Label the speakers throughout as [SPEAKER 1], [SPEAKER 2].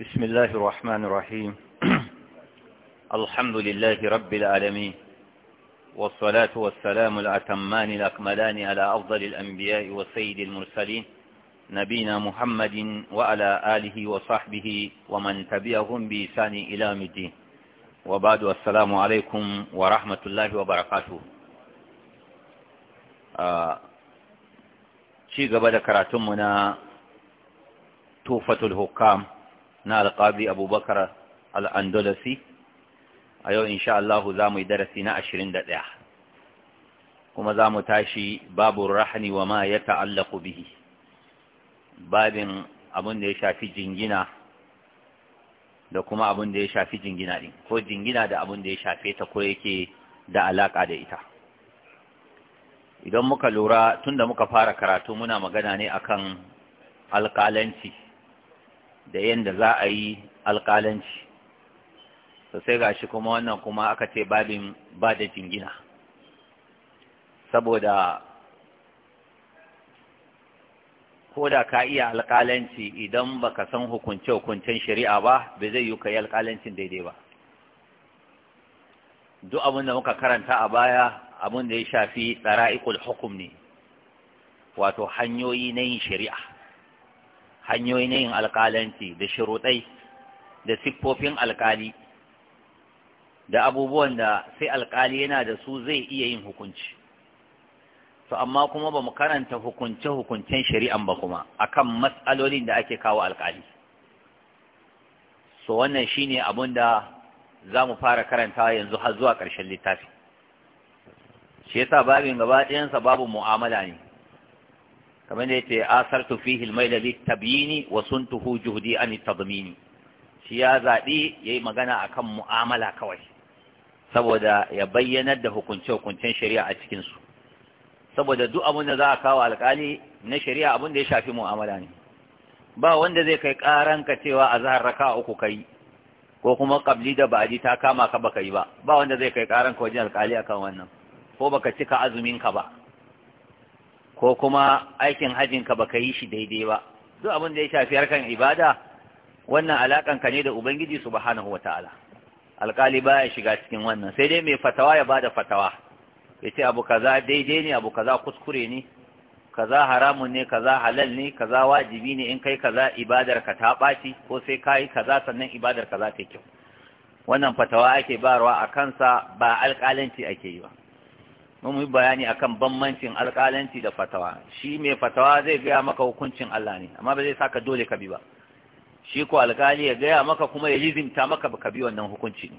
[SPEAKER 1] بسم الله الرحمن الرحيم الحمد لله رب العالمين والصلاة والسلام الأتمان الأكملان على أفضل الأنبياء وسيد المرسلين نبينا محمد وعلى آله وصحبه ومن تبعهم بإسان إلى الدين وبعد السلام عليكم ورحمة الله وبركاته آه، شيء قبل كراتمنا توفة الهكام na alƙabi abubakar al'andalasi a yau insha Allah za mu yi darasi na ashirin da ɗaya kuma za mu tashi babu rahani wa ma ya ta'allaku bihi babin abin da ya shafi jingina da kuma abin da ya shafi jingina ɗin ko jingina da abin da ya shafe ta ko yake da alaƙa da ita idan muka lura tun da muka fara karatu muna magana ne akan alƙalanci da yadda za a yi alƙalanci sosai ga shi kuma wannan kuma aka ce babin ba da jingina saboda ko da ka iya alƙalanci idan baka san hukunce-hukuncen shari'a ba bai zai yi ka yi alƙalancin daidai ba duk abin da muka karanta a baya abin da ya shafi tsara'ikul hukum ne wato hanyoyi na yin shari'a hanyoyi na yin alƙalanci da shirutai da siffofin alƙali da abubuwan da sai alƙali yana da su zai iya yin hukunci to amma kuma ba mu karanta hukunce-hukuncen shari'an ba kuma akan matsalolin da ake kawo alƙali so wannan shine abin da za mu fara karantawa yanzu har zuwa ƙarshen littafi shi yasa babin gaba ɗayansa babu mu'amala ne kamar da ya asar tufi al da li tabyini wa tuhu juhudi an tadmini shi ya ya yi magana akan mu'amala kawai saboda ya bayyanar da hukunce hukuncen shari'a a cikinsu. saboda duk abin da za a kawo alkali na shari'a abin da ya shafi mu'amala ne ba wanda zai kai ƙaranka cewa a zahar raka uku kai ko kuma kabli da baji ta kama ka baka yi ba ba wanda zai kai ƙaranka wajen alkali akan wannan ko baka cika azumin ka ba ko kuma aikin hajjin ka baka yi shi daidai ba duk abin da ya shafi harkan ibada wannan alakan ka ne da ubangiji subhanahu wataala alkali baya shiga cikin wannan sai dai mai fatawa ya bada fatawa yace abu kaza daidai ne abu kaza kuskure ne kaza haramun ne kaza halal ne kaza wajibi ne in kai kaza ibadar ka ta ɓaci ko sai kai kaza sannan ibadar ka za ta kyau wannan fatawa ake barwa a kansa ba alƙalanci ake yi ba mun yi bayani akan bambancin alƙalanci da fatawa shi mai fatawa zai gaya maka hukuncin Allah ne amma ba zai saka dole ka bi ba shi ko alƙali ya gaya maka kuma ya lizimta maka ka bi wannan hukunci ne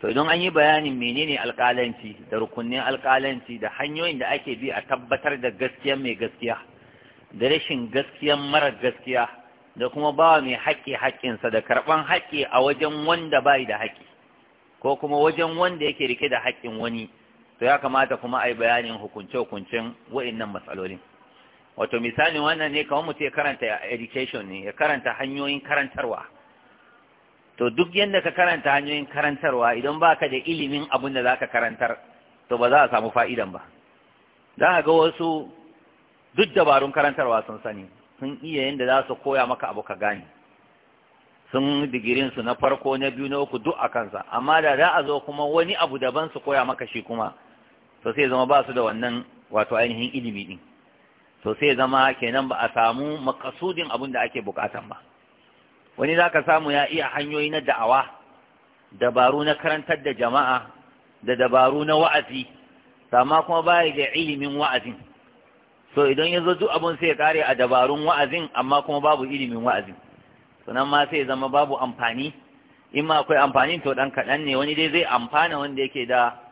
[SPEAKER 1] to idan an yi bayanin menene alƙalanci da rukunin alƙalanci da hanyoyin da ake bi a tabbatar da gaskiya mai gaskiya da rashin gaskiya mara gaskiya da kuma bawa mai haƙƙi haƙƙinsa da karɓan haƙƙi a wajen wanda bai da haƙƙi ko kuma wajen wanda yake rike da haƙƙin wani to ya kamata kuma a yi bayanin hukunce-hukuncen wa'innan matsalolin wato misali wannan ne kamar mu ya karanta education ne ya karanta hanyoyin karantarwa to duk yadda ka karanta hanyoyin karantarwa idan ba ka da ilimin abin da za ka karantar to ba za a samu fa'idan ba za ka ga wasu duk dabarun karantarwa sun sani sun iya yadda za su koya maka abu ka gane sun digirin su na farko na biyu na uku duk a kansa amma da za a zo kuma wani abu daban su koya maka shi kuma to sai zama ba su da wannan wato ainihin ilimi din to sai zama kenan ba a samu makasudin abin da ake bukatan ba wani za ka samu ya iya hanyoyi na da'awa dabaru na karantar da jama'a da dabaru na wa'azi amma kuma baya da ilimin wa'azin so idan ya zo duk abin sai ya kare a dabarun wa'azin amma kuma babu ilimin wa'azin Sanan ma sai zama babu amfani in ma akwai amfani to dan kaɗan ne wani dai zai amfana wanda yake da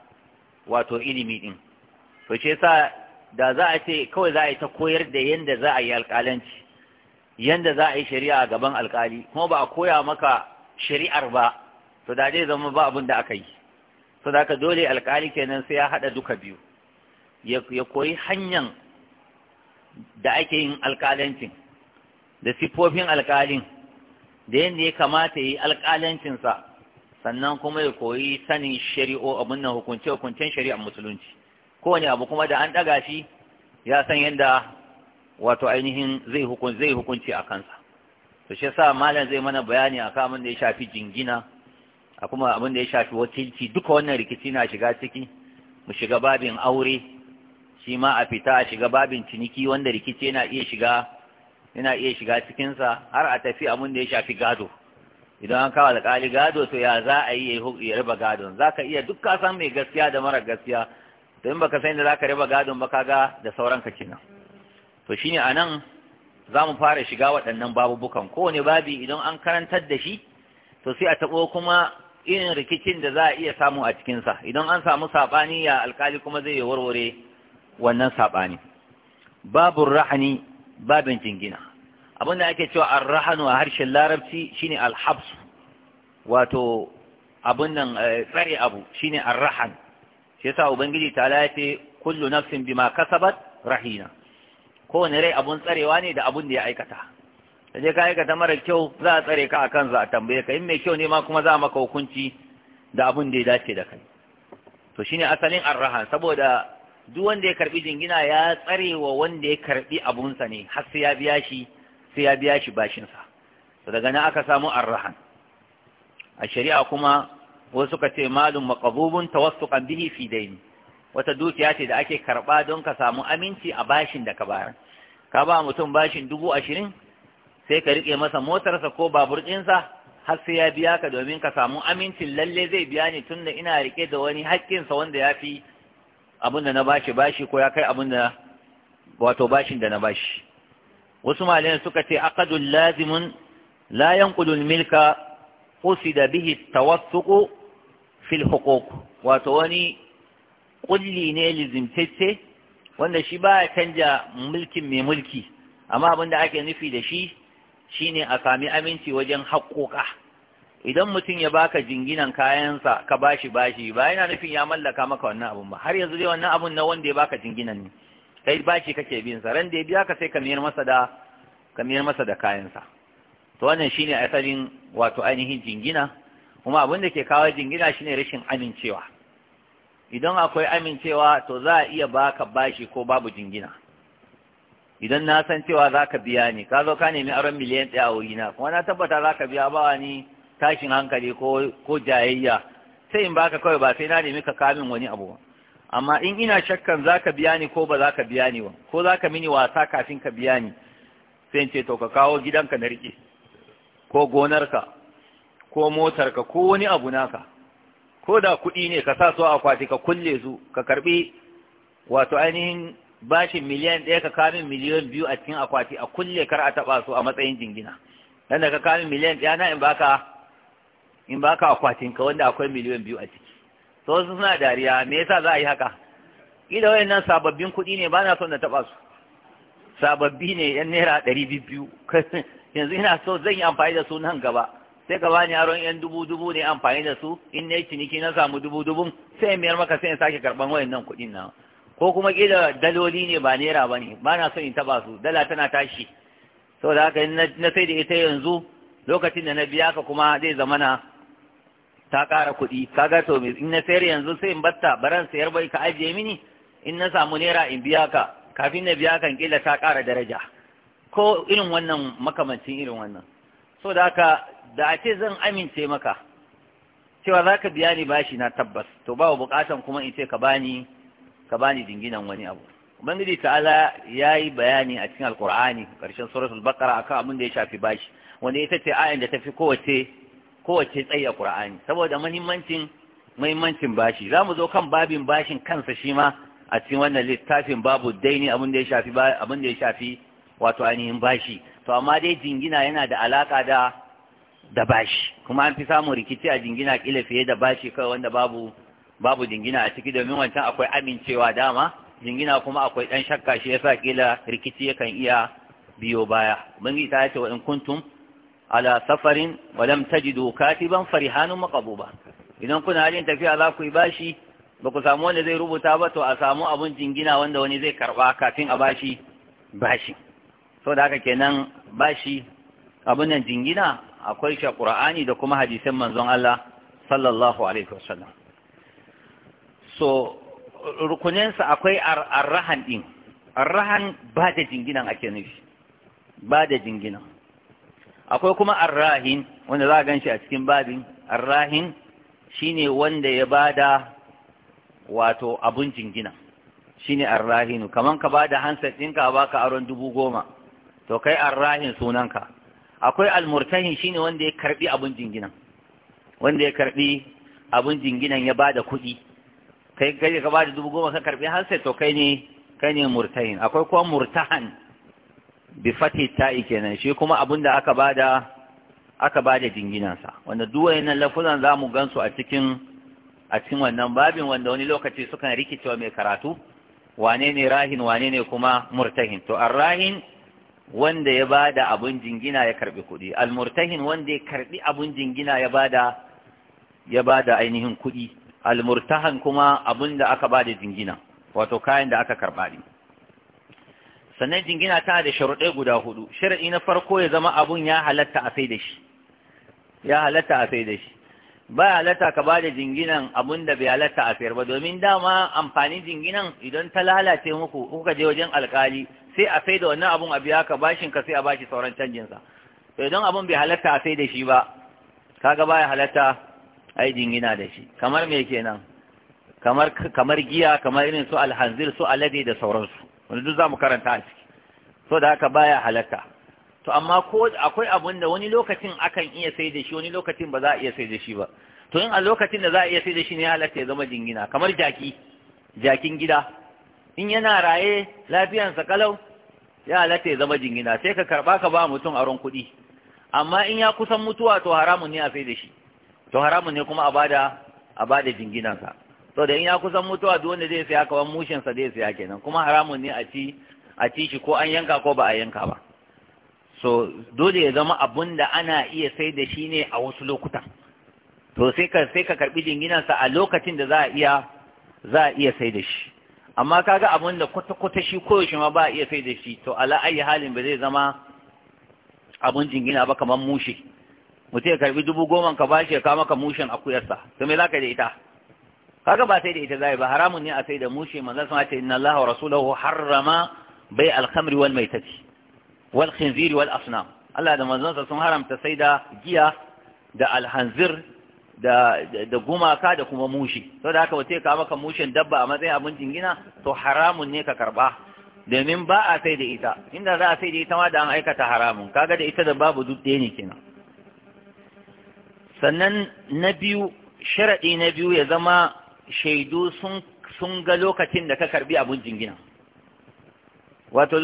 [SPEAKER 1] wato ilimi ɗin. to ce sa da za a ce kawai za a yi ta koyar da yadda za a yi alƙalanci yadda za a yi shari'a a gaban alƙali kuma ba a koya maka shari'ar ba to da zai zama ba abin da aka yi to da ka dole alƙali kenan sai ya haɗa duka biyu ya koyi hanyar da ake yin alƙalancin da siffofin alƙalin da yadda ya kamata ya yi alƙalancinsa sannan kuma ya koyi sanin shari'o abin nan hukunce hukuncen shari'ar musulunci kowane abu kuma da an ɗaga shi ya san yadda wato ainihin zai hukunci a kansa to shi yasa malam zai mana bayani a kamun da ya shafi jingina a kuma abin da ya shafi wakilci duka wannan rikici na shiga ciki mu shiga babin aure shi ma a fita a shiga babin ciniki wanda rikici yana iya shiga cikinsa har a tafi abin da ya shafi gado idan an kawo alƙali gado to ya za a yi ya riba gadon za ka iya duk kasan mai gaskiya da mara gaskiya to in baka san da za ka riba gadon ba kaga da sauran ka kina to shine a nan za mu fara shiga waɗannan babubukan kowane babi idan an karantar da shi to sai a taɓo kuma irin rikicin da za a iya samu a cikinsa idan an samu saɓani ya alƙali kuma zai yi warware wannan saɓani babin rahani babin jingina abin da ake cewa arrahanu a harshen larabci shine alhabsu wato abun eh, tsare abu shine arrahan shi yasa ubangiji ta lafi kullu nafsin bima kasabat rahina kowane rai abun tsarewa ne da abun da ya aikata je ka aikata mara kyau za a tsare ka akan za a tambaye ka in mai kyau ne ma kuma za a maka hukunci da abun da ya dace da kai to shine asalin arrahan saboda duk wanda ya karbi jingina ya tsarewa wanda ya karbi abunsa ne har sai ya biya shi sai ya biya shi bashinsa to daga nan aka samu arrahan a shari'a kuma wasu suka ce malum maqabubun tawassuqan bihi fi daini wata dukiya ce da ake karba don ka samu aminci a bashin da ka bayar ka ba mutum bashin dubu ashirin sai ka riƙe masa motarsa ko babur ɗinsa har sai ya biya ka domin ka samu amincin lalle zai biya ni tunda ina riƙe da wani haƙƙinsa wanda ya fi abin da na bashi bashi ko ya kai abin da wato bashin da na bashi wasu malamai suka ce aqdul lazimun la yanqulu milka qusida bihi tawassuqu fil huquq wato wani kulli ne lizimtacce wanda shi ba ya canja mulkin mai mulki amma abin da ake nufi da shi shine a sami aminci wajen haƙƙoƙa. idan mutum ya baka jinginan kayansa ka bashi bashi ba yana nufin ya mallaka maka wannan abun ba har yanzu dai wannan abun na wanda ya baka jinginan ne kai bashi kake bin sa ran da ya biya ka sai ka miyar masa da kayansa. masa da kayan sa to wannan shine asalin wato ainihin jingina kuma abin da ke kawo jingina shine rashin amincewa idan akwai amincewa to za a iya baka bashi ko babu jingina idan na san cewa za ka biya ni ka zo ka nemi aron miliyan ɗaya a wurina kuma na tabbata za ka biya bawa ni tashin hankali ko jayayya sai in baka kawai ba sai na nemi ka kamin wani abu amma in ina shakkan za ka biya ni ko ba za ka biya ni ba ko za ka mini wasa kafin ka biya ni sai ce to ka kawo gidanka na riƙe ko gonarka ko motarka ko wani abu naka ko da kuɗi ne ka sa su a kwati ka kulle su ka karɓi wato ainihin bashin miliyan ɗaya ka min miliyan biyu a cikin akwati a kulle kar a taɓa su a matsayin jingina dan da ka min miliyan ɗaya na in baka in baka akwatinka wanda akwai miliyan biyu a ciki to wasu suna dariya me yasa za a yi haka wayan wayannan sababbin kuɗi ne ba na son na taɓa su sababbi ne yan naira ɗari biyu yanzu ina so zan yi amfani da su nan gaba sai gaba yaron yan dubu dubu ne amfani da su in na yi ciniki na samu dubu dubun sai in mayar maka sai in sake karɓan wayannan kuɗin nan ko kuma ƙila daloli ne ba naira ba ne ba na son in taɓa su dala tana tashi saboda haka na sai da ita yanzu lokacin da na biya ka kuma zai zamana ta ƙara kuɗi kaga to in na sayar yanzu sai in batta baran sayar bai ka ajiye mini in na samu naira in biya ka kafin na biya kan kila ta ƙara daraja ko irin wannan makamancin irin wannan so da haka da a ce zan amince maka cewa za ka biya ni bashi na tabbas to ba wa buƙatan kuma in ce ka bani ka bani dinginan wani abu ubangiji ta'ala ya yi bayani a cikin alkur'ani ƙarshen suratul baqara akan abin da ya shafi bashi wanda ita ce ayan da ta fi kowace kowace tsaye ƙura'ani saboda muhimmancin muhimmancin bashi mu zo kan babin bashin kansa shi ma a cikin wannan littafin babu daini abin da ya shafi abin da ya shafi wato ainihin bashi to amma dai jingina yana da alaka da da bashi kuma an fi samun rikici a jingina kila fiye da bashi kawai wanda babu babu jingina a ciki domin wancan akwai amincewa dama jingina kuma akwai dan shakka shi yasa kila rikici yakan iya biyo baya ubangiji ta ce wa in kuntum ala safarin ban fari katiban farihanun ba. idan kuna halin tafiya za ku yi bashi ba ku samu wanda zai rubuta ba to a samu abin jingina wanda wani zai karba kafin a bashi bashi so da haka kenan bashi abin nan jingina akwai shi qur'ani da kuma hadisan manzon Allah sallallahu alaihi wasallam so rukuninsa akwai arrahan din arrahan ba da jinginan ake nufi ba da jinginan akwai kuma arrahin wanda za a gan shi a cikin babin arrahin shi ne wanda ya bada wato abun jingina shi ne arrahinu kaman ka bada hansar ɗinka a ka aron dubu goma to kai arrahin sunanka akwai almurtahin ne wanda ya karbi abun jinginan wanda ya karbi abun jinginan ya bada kuɗi kai gari ka bada dubu goma ka karbi hansar to kai ne kai ne murtahin akwai kuma murtahan bi fati ta'i kenan shi kuma abin da aka bada aka jinginansa wanda duk nan lafuzan za mu gansu a cikin a cikin wannan babin wanda wani lokaci sukan rikicewa mai karatu wane ne rahin wane ne kuma murtahin to arrahin wanda ya bada abun jingina ya karbi kuɗi almurtahin wanda ya karbi abun jingina ya bada ya ainihin kuɗi almurtahan kuma abun da aka bada jingina wato kayan da aka karba ne sannan jingina tana da sharuɗe guda hudu sharaɗi na farko ya zama abun ya halatta a sai da shi ya halatta a sai da shi ba halatta ka ba da jinginan abun da bai halatta a sayar ba domin dama amfanin jinginan idan ta lalace muku kuka je wajen alkali sai a sai da wannan abun a biya ka bashin ka sai a bashi sauran canjinsa to idan abun bai halatta a sai da shi ba kaga baya halatta ai jingina da shi kamar me kenan kamar kamar giya kamar irin su alhanzir su alade da sauransu Wani duk za mu karanta a ciki so da haka baya halatta to amma ko akwai abun da wani lokacin akan iya sai da shi wani lokacin ba za a iya sai da shi ba to in a lokacin da za a iya sai da shi ne halatta ya zama jingina kamar jaki jakin gida in yana raye lafiyansa kalau ya halatta ya zama jingina sai ka karba ka ba mutum aron kuɗi amma in ya kusan mutuwa to haramun ne a sai da shi to haramun ne kuma a bada a bada jinginansa to da in ya kusan mutuwa duk wanda zai saya kamar mushin sa zai saya kenan kuma haramun ne a ci a ci shi ko an yanka ko ba a yanka ba so dole ya zama abun da ana iya sai da shi ne a wasu lokutan to sai ka sai ka karbi jinginan sa a lokacin da za a iya za a iya sai da shi amma kaga abun da kwata kwata shi ko shi ma ba a iya sai da shi to ala ayi halin ba zai zama abun jingina ba kamar mushi mutum ya karbi dubu goma ka bashi ya kawo maka mushin akuyarsa to me ka da ita kaga ba sai da ita zai ba haramun ne a sai da mushe manzon sun ce inna Allah wa rasuluhu harrama bai al-khamri wal maitati wal khinzir wal asnam Allah da manzon sun haramta sai da giya da al-hanzir da da gumaka da kuma mushi da haka wace ka maka mushin dabba a matsayin abin jingina to haramun ne ka karba domin ba a sai da ita inda za a sai da ita ma da an aikata haramun kaga da ita da babu duk ɗaya ne kenan sannan na biyu sharaɗi na biyu ya zama shaidu sun ga lokacin da ka karbi abun jingina wato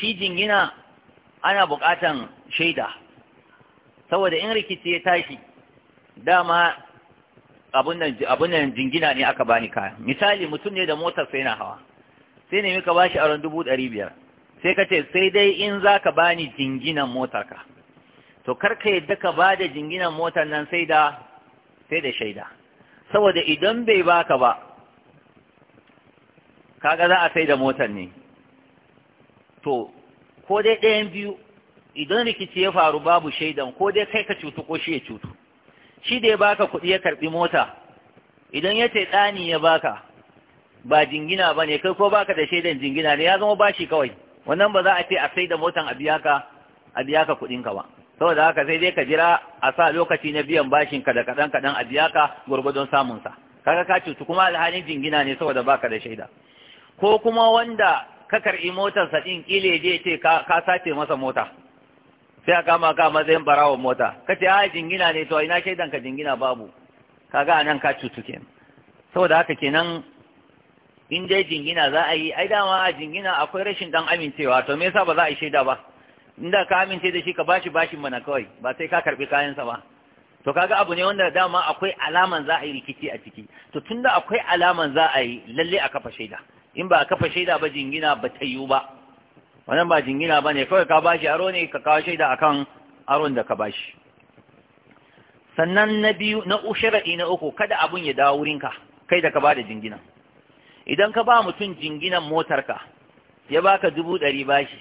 [SPEAKER 1] shi jingina ana buƙatan shaida saboda in rikici ya tashi dama abun nan jingina ne aka bani kaya misali mutum ne da motar sai na hawa sai ne ka bashi aron dubu ɗari biyar sai ka ce sai dai in zaka ka bani jinginan motarka to kar ka yadda ka ba da jinginan motar nan sai da sai da shaida saboda idan bai baka ba kaga za a sai da motar ne to ko dai ɗayan biyu idan rikici ya faru babu shaidan ko dai kai ka cutu ko shi ya cutu shi da ya baka kuɗi ya karɓi mota idan ya ce ɗani ya baka ba jingina ba ne kai ko baka da shaidan jingina ne ya zama bashi kawai wannan ba za a ce a sai da motan a biya ka kuɗinka ba saboda haka sai dai ka jira a sa lokaci na biyan bashin ka da kaɗan kaɗan a biya ka gwargwadon samun sa kaga ka cutu kuma alhalin jingina ne saboda baka da shaida ko kuma wanda ka karki motar sa din kile je ce ka ka sace masa mota sai ka kama ka matsayin barawon mota kace a jingina ne to ina shaidan ka jingina babu kaga anan ka cutu ke saboda haka kenan in dai jingina za a yi ai dama a jingina akwai rashin dan amincewa to me yasa ba za a yi shaida ba inda ka amince da shi ka bashi bashin mana kawai ba sai ka karbi kayansa ba to kaga abu ne wanda dama akwai alaman za a yi rikici a ciki to tunda akwai alaman za a yi lalle a kafa shaida in ba a kafa shaida ba jingina ba ta ba wannan ba jingina ba kawai ka bashi aro ne ka kawo shaida akan aron da ka bashi sannan na biyu na ushara'i na uku kada abun ya dawo wurinka kai da ka ba jingina idan ka ba mutum jinginan motarka ya baka dubu ɗari bashi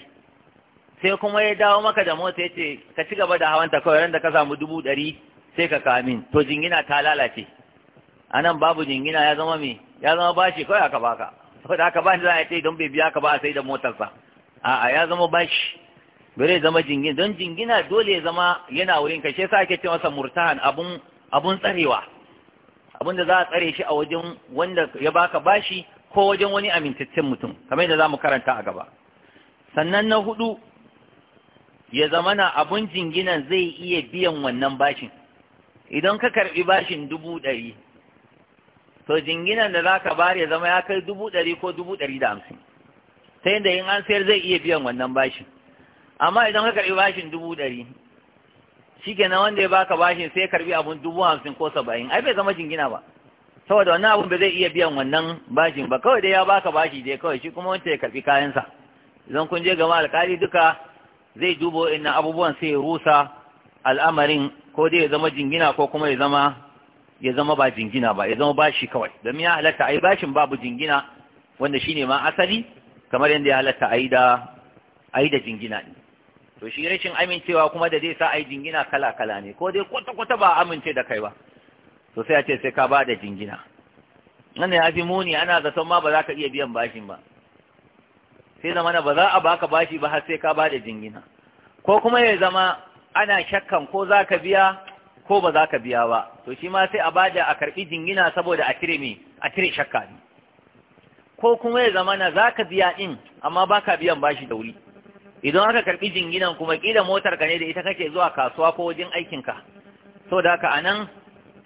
[SPEAKER 1] sai kuma ya dawo maka da mota ya ce ka ci gaba da hawanta kawai ran da ka samu dubu ɗari sai ka kamin to jingina ta lalace a nan babu jingina ya zama me ya zama bashi kawai aka baka saboda aka bani za a ce don bai biya ka ba a sai da motarsa a'a ya zama bashi bare zama jingina don jingina dole ya zama yana wurin ka shi yasa ake ce masa murtahan abun abun tsarewa abun da za a tsare shi a wajen wanda ya baka bashi ko wajen wani amintaccen mutum kamar yadda za mu karanta a gaba sannan na hudu ya zamana abun jinginan zai iya biyan wannan bashin idan ka karɓi bashin dubu ɗari to jinginan da za ka bari ya zama ya kai dubu ɗari ko dubu ɗari da hamsin ta yadda in an sayar zai iya biyan wannan bashin amma idan ka karɓi bashin dubu ɗari shi kenan wanda ya baka bashin sai karɓi abun dubu hamsin ko saba'in ai bai zama jingina ba saboda wannan abun ba zai iya biyan wannan bashin ba kawai dai ya baka bashi dai kawai shi kuma wanda ya karɓi kayansa idan kun je gama alƙali duka zai dubo ina abubuwan sai rusa al'amarin ko dai ya zama jingina ko kuma ya zama ya zama ba jingina ba ya zama bashi kawai domin ya halatta ai bashin babu jingina wanda shine ma asali kamar yadda ya halatta ai da ai da jingina ne to shi rashin amincewa kuma da zai sa ai jingina kala kala ne ko dai kwata kwata ba amince da kai ba to sai a ce sai ka ba da jingina wannan ya muni ana zaton ma ba za ka iya biyan bashin ba sai zama na ba za a baka bashi ba har sai ka bada jingina ko kuma ya zama ana shakkan ko za ka biya ko ba za ka biya ba to shi ma sai a bada a karɓi jingina saboda a cire me a cire shakka ne ko kuma ya zama na za ka biya ɗin amma ba ka biyan bashi da wuri idan aka karɓi jinginan kuma ƙila motar ka ne da ita kake zuwa kasuwa ko wajen aikinka ka da haka a nan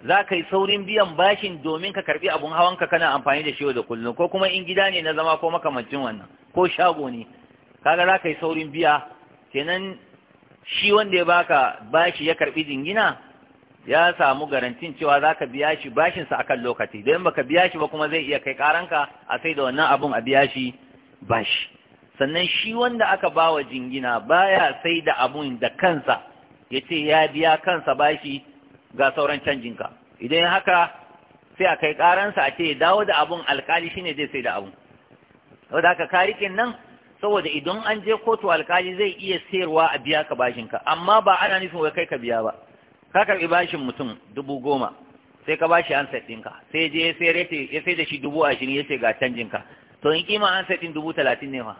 [SPEAKER 1] za ka yi saurin biyan bashin domin ka karbi abun ka kana amfani da shi yau da kullum ko kuma in gida ne na zama ko makamancin wannan ko shago ne kaga za ka yi saurin biya kenan shi wanda ya baka bashi ya karbi jingina ya samu garantin cewa za ka biya shi bashinsa a kan lokaci don baka biya shi ba kuma zai iya kai karanka a sai da wannan abun a biya shi bashi sannan shi wanda aka bawa jingina baya sai da abun da kansa ya ce ya biya kansa bashi ga sauran canjinka idan haka sai a kai karansa a ce ya dawo da abun alkali shine zai sai da abun saboda haka karikin nan saboda idan an je kotu alkali zai iya sayarwa a biya ka bashin ka, amma ba ana nufin wai kai ka biya ba ka karbi bashin mutum dubu goma sai ka bashi handset ɗinka sai je ya sayar ya sai da shi dubu ashirin ya sai ga canjinka to in kima handset ɗin dubu talatin ne ma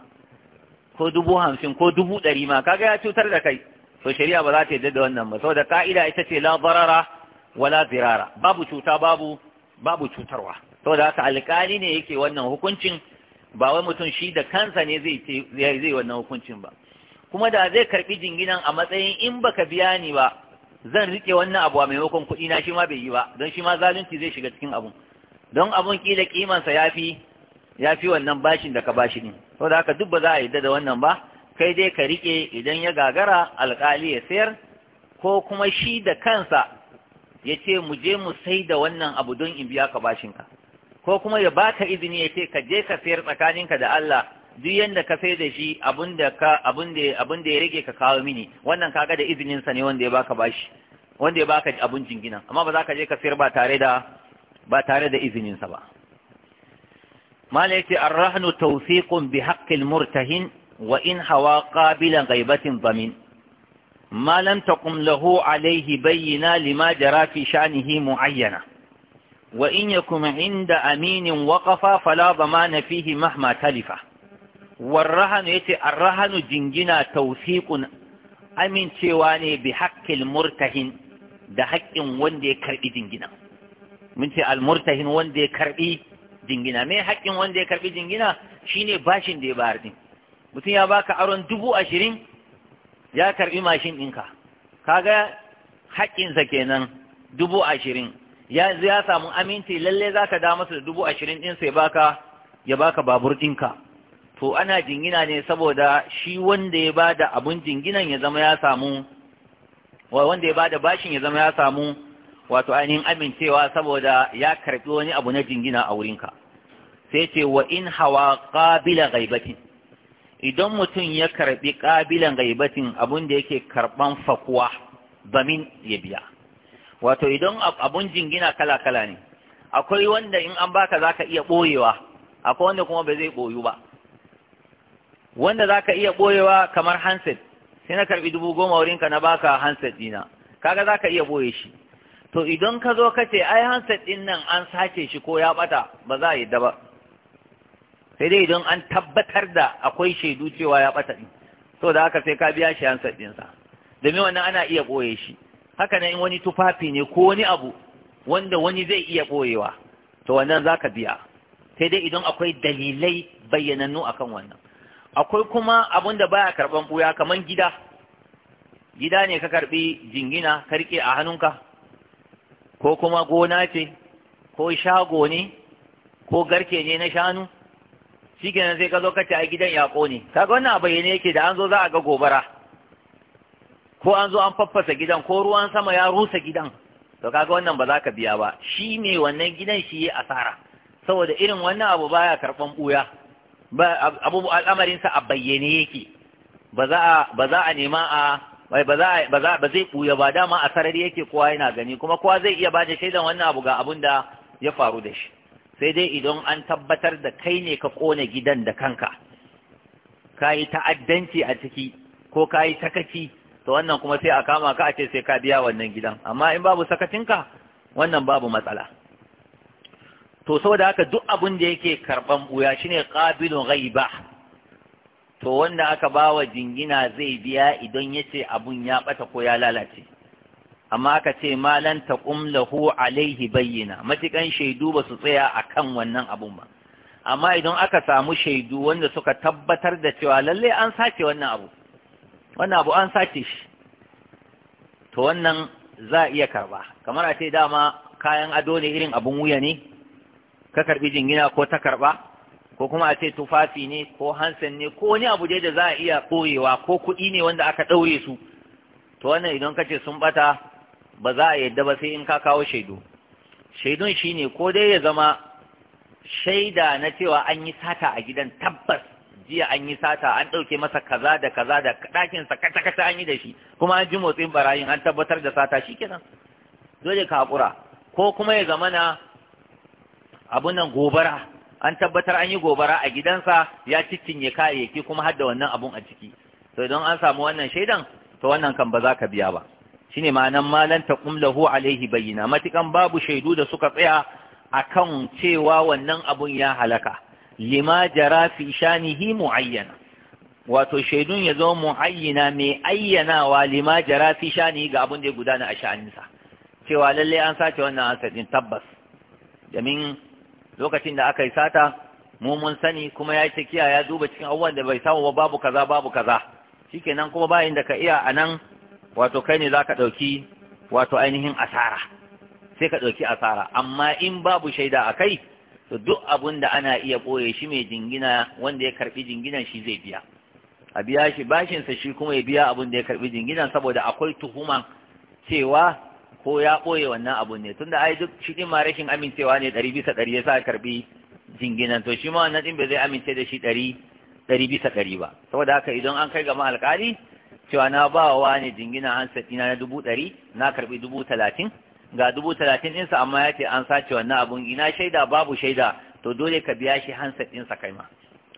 [SPEAKER 1] ko dubu hamsin ko dubu ɗari ma kaga ya cutar da kai so shari'a ba za ta yadda da wannan ba saboda ka'ida ita ce la barara wala zirara babu cuta babu babu cutarwa saboda haka alƙali ne yake wannan hukuncin ba wai mutum shi da kansa ne zai zai wannan hukuncin ba kuma da zai karbi jinginan a matsayin in baka biya ni ba zan rike wannan abu a maimakon kuɗi na shi ma bai yi ba don shi ma zalunci zai shiga cikin abun don abun kila kimansa ya fi wannan bashin da ka bashi ne saboda haka duk ba za a yadda da wannan ba kai dai ka riƙe idan ya gagara alƙali ya sayar ko kuma shi da kansa ya ce mu je mu sai da wannan abu don in biya ka bashinka ko kuma ya ba ka izini ya ce ka je ka sayar tsakaninka da Allah duk yanda ka sai da shi abin da ya rage ka kawo mini wannan kaga da izinin ne wanda ya baka bashi wanda ya baka abun jingina amma ba za ka je ka sayar ba tare da ba tare da izinin sa ba mala yace rahnu tawfiqun bi haqqil murtahin wa in hawa qabilan ghaibatin zamin ma lam taqum lahu alayhi bayyina lima jara fi sha'nihi muayyana wa in yakum inda aminin waqafa fala dhamana fihi mahma talifa والرهن يتي الرهن جنجنا توثيق أمين شواني بحق المرتهن ده حق وندي كربي جنجنا من تي المرتهن وندي كربي جنجنا ما حق وندي كربي جنجنا شيني باشن دي باردين mutum ya baka aron dubu ashirin ya karbi mashin ɗinka ga haƙƙinsa kenan dubu ashirin ya ya samu aminci lalle za ka da masa dubu ashirin ɗin sai baka ya baka babur ɗinka to ana jingina ne saboda shi wanda ya bada abun jinginan ya zama ya samu wa wanda ya bada bashin ya zama ya samu wato ainihin amincewa saboda ya karɓi wani abu na jingina a wurinka sai ce wa in hawa qabila ghaibatin idan mutum ya karɓi ƙabilan gaibatin abun da yake karɓan fakuwa bamin ya biya wato idan abun jingina kala-kala ne akwai wanda in an baka za ka iya ɓoyewa akwai wanda kuma ba zai ɓoyu ba wanda za ka iya ɓoyewa kamar hanset, sai na karɓi dubu goma wurinka na baka hanset dina kaga za ka iya ɓoye shi to idan ka zo ka ce ai hanset din nan an sace shi ko ya ɓata, ba za a yi daba sai dai idan an tabbatar da akwai shaidu cewa ya ɓata ɗin to da haka sai ka biya shi hansar ɗinsa domin wannan ana iya ɓoye shi haka nan in wani tufafi ne ko wani abu wanda wani zai iya ɓoyewa to wannan za ka biya sai dai idan akwai dalilai bayyanannu kan wannan akwai kuma abin da baya karɓan ɓuya kamar gida gida ne ka karɓi jingina ka riƙe a hannunka ko kuma gona ce ko shago ne ko garke ne na shanu shikenan sai ka zo ka a gidan ya kone kaga wannan a bayyane yake da an zo za a ga gobara ko an zo an faffasa gidan ko ruwan sama ya rusa gidan to kaga wannan ba za ka biya ba shi ne wannan gidan shi ya asara saboda irin wannan abu baya karban buya ba abu al'amarin sa a bayyane yake ba za a ba za a nema a bai ba za ba za ba zai buya ba dama a sarari yake kowa yana gani kuma kowa zai iya bada shaidan wannan abu ga abun da ya faru da shi sai dai idan an tabbatar da kai ne ka ƙone gidan da kanka ka yi ta'addanci a ciki ko ka yi sakaci to wannan kuma sai a kama ka a ce sai ka biya wannan gidan amma in babu sakacinka wannan babu matsala to saboda haka duk abin da yake karban buya shine rai ba, to wanda aka bawa jingina zai biya idan ya ce abun ya ɓata ko ya lalace amma aka ce malan kumla, lahu alaihi bayyana matikan shaidu ba su tsaya a kan wannan abun ba amma idan aka samu shaidu wanda suka tabbatar da cewa lallai an sace wannan abu wannan abu an sace shi to wannan za a iya karba kamar a ce dama kayan ado ne irin abun wuya ne ka karbi jingina ko ta karba ko kuma a ce tufafi ne ko hansen ne ko wani abu da za a iya ɓoyewa ko kuɗi ne wanda aka ɗaure su to wannan idan ka ce sun ɓata ba za a yadda ba sai in ka kawo shaidu shaidun shine ko dai ya zama shaida na cewa an yi sata a gidan tabbas jiya an yi sata an ɗauke masa kaza da kaza da ɗakinsa kata-kata an yi da shi kuma an ji motsin barayin an tabbatar da sata shi kenan dole ka haƙura ko kuma ya zama na abun nan gobara an tabbatar an yi gobara a gidansa ya cicinye kayayyaki kuma har wannan abun a ciki to idan an samu wannan shaidan to wannan kan ba za ka biya ba Shi ne ma'anan malan taqum alaihi bayyana matuƙan babu shaidu da suka tsaya a kan cewa wannan abun ya halaka lima jara fi shanihi muayyana wato shaidun ya zama muayyana mai ayyanawa lima jara fi shanihi ga abun da ya gudana a sha'aninsa cewa lalle an sace wannan asirin tabbas domin lokacin da aka yi sata mu mun sani kuma ya ce kiya ya duba cikin abubuwan da bai samu ba babu kaza babu kaza shikenan kuma bayan da ka iya a nan. wato kai ne za ka ɗauki wato ainihin asara sai ka ɗauki asara amma in babu shaida a kai to duk abun da ana iya ɓoye shi mai jingina wanda ya karɓi jinginan shi zai biya a biya shi bashinsa shi kuma ya biya abun da ya karɓi jinginan saboda akwai tuhuma cewa ko ya ɓoye wannan abun ne tunda ai duk shi ma rashin amincewa ne ɗari bisa ɗari ya sa karɓi jinginan to shi ma wannan ɗin ba zai amince da shi ɗari ɗari bisa ɗari ba saboda haka idan an kai gama alƙali cewa na ba wa ne jingina hansa ɗina na dubu ɗari na karɓi dubu talatin ga dubu talatin ɗinsa amma ya ce an sace wannan abun ina shaida babu shaida to dole ka biya shi hansa ɗinsa kai ma